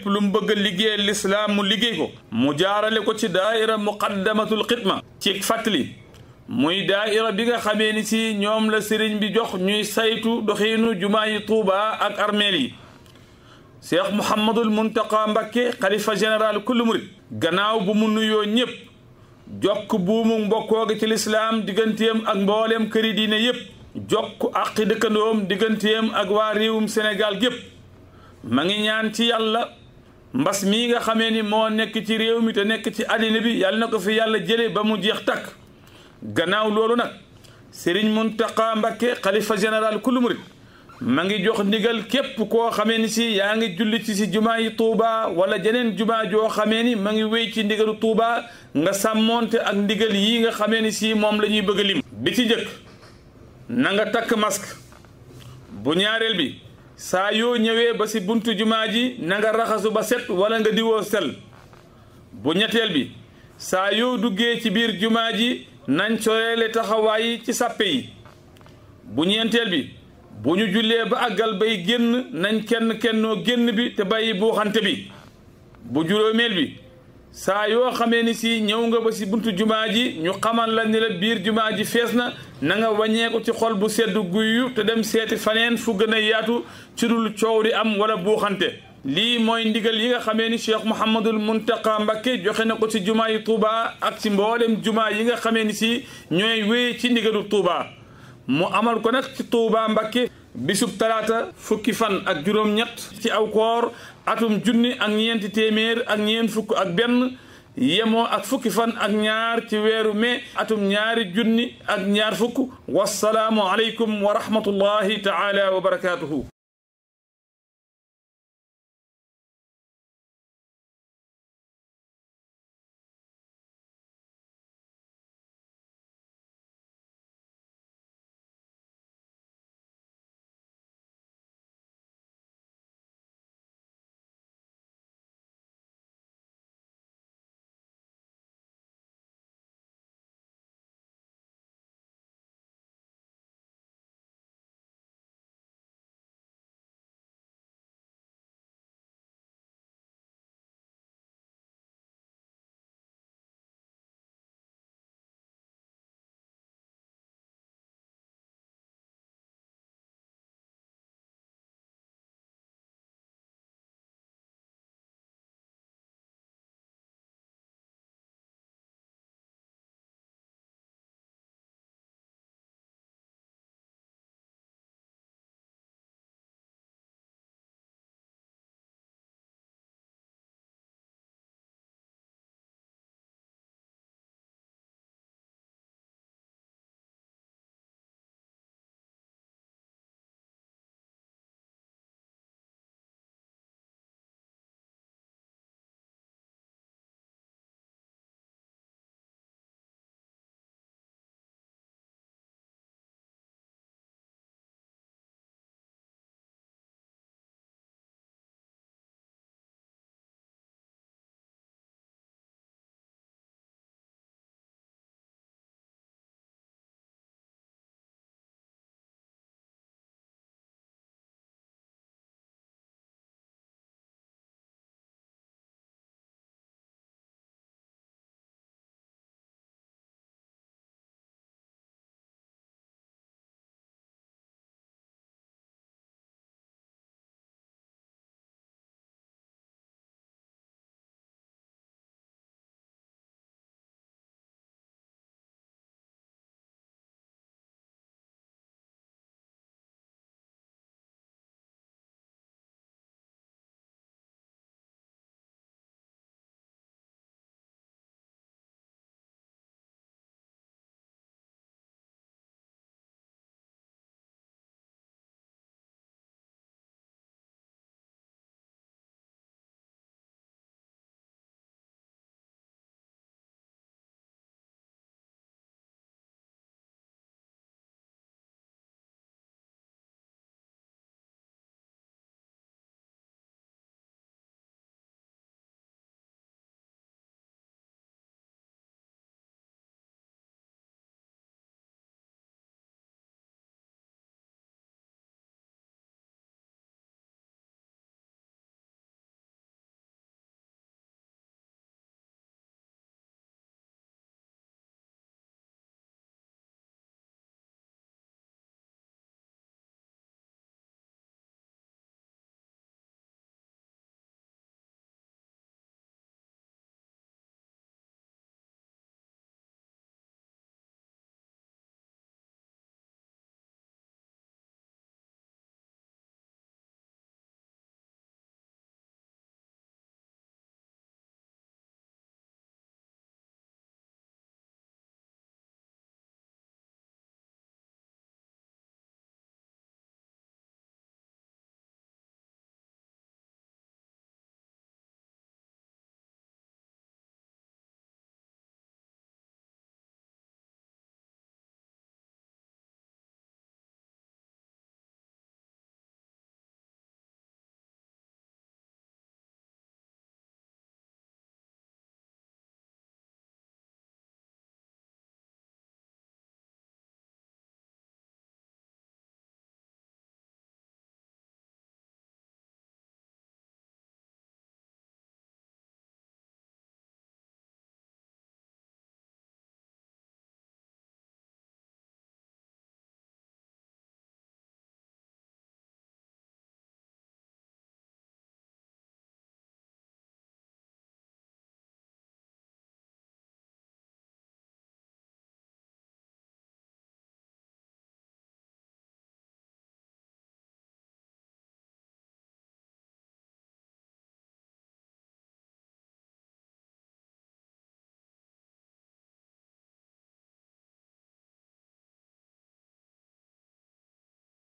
lépp lu mu bëgg liggéey lislaam mu liggéey ko mu jaarale ko ci daaira muqaddamatul xidma ci fàttali muy daaira bi nga xamee ni ci ñoom la sëriñ bi jox ñuy saytu doxiinu jumaa tuuba ak armeel yi cheikh mouhamadul muntaqa mbakke xalifa général kullu murit gannaaw bu mu nuyoo ñépp jokk buumu mbokkoo ci lislaam digganteem ak mbooleem këri diine yépp jokk àqi dëkkandoom digganteem ak waa réewum senegal gépp ma ñaan ci yàlla mbas mii nga xamee ni moo nekk ci réew mi te nekk ci àddina bi yàlla na ko fi yàlla jëlee ba mu jeex takk gannaaw loolu nag Serigne Mountakha Mbacké xalifa général kullu murid ma ngi jox ndigal képp koo xamee ni si yaa ngi julli ci si jumaa yi Touba wala jeneen jumaa joo xamee ni ma ngi wéy ci ndigalu Touba nga sàmmoonte ak ndigal yi nga xamee ni si moom lañuy bëgg lim bi ci jëkk na nga takk masque bu ñaareel bi saa yoo ñëwee ba ci buntu jumaa ji nanga raxasu ba set wala nga diwoo sel bu ñetteel bi saa yoo duggee ci biir jumaa ji nañ coreele taxawaay ci sàppe yi bu ñeenteel bi bu ñu jullee ba àggal bay génn nañ kenn kennoo génn bi te bàyyi buuxante bi bu juróomeel bi saa yoo xamee ni si ñëw nga ba si buntu jumaa ji ñu xamal la ni la biir jumaa ji fees na na nga wàññeeku ci xol bu sedd guyyu te dem seeti faneen fu gën a yaatu ci dul coow di am wala buuxante lii mooy ndigal yi nga xamee ni cheikh mouhamadul muntaqa mbakke joxe na ko ci jumaa yi tuuba ak ci mboolem jumaa yi nga xamee ni si ñooy wéye ci ndigalu tuuba mu amal ko nag ci tuuba mbakke bisub talaata fukki fan ak juróom-ñett ci aw koor atum junni ak ñeenti téeméer ak ñeent fukk ak benn yemoo ak fukki fan ak ñaar ci weeru mai atum ñaari junni ak ñaar fukk wassalaamu aleykum wa rahmatullahi taala wa barakaatuhu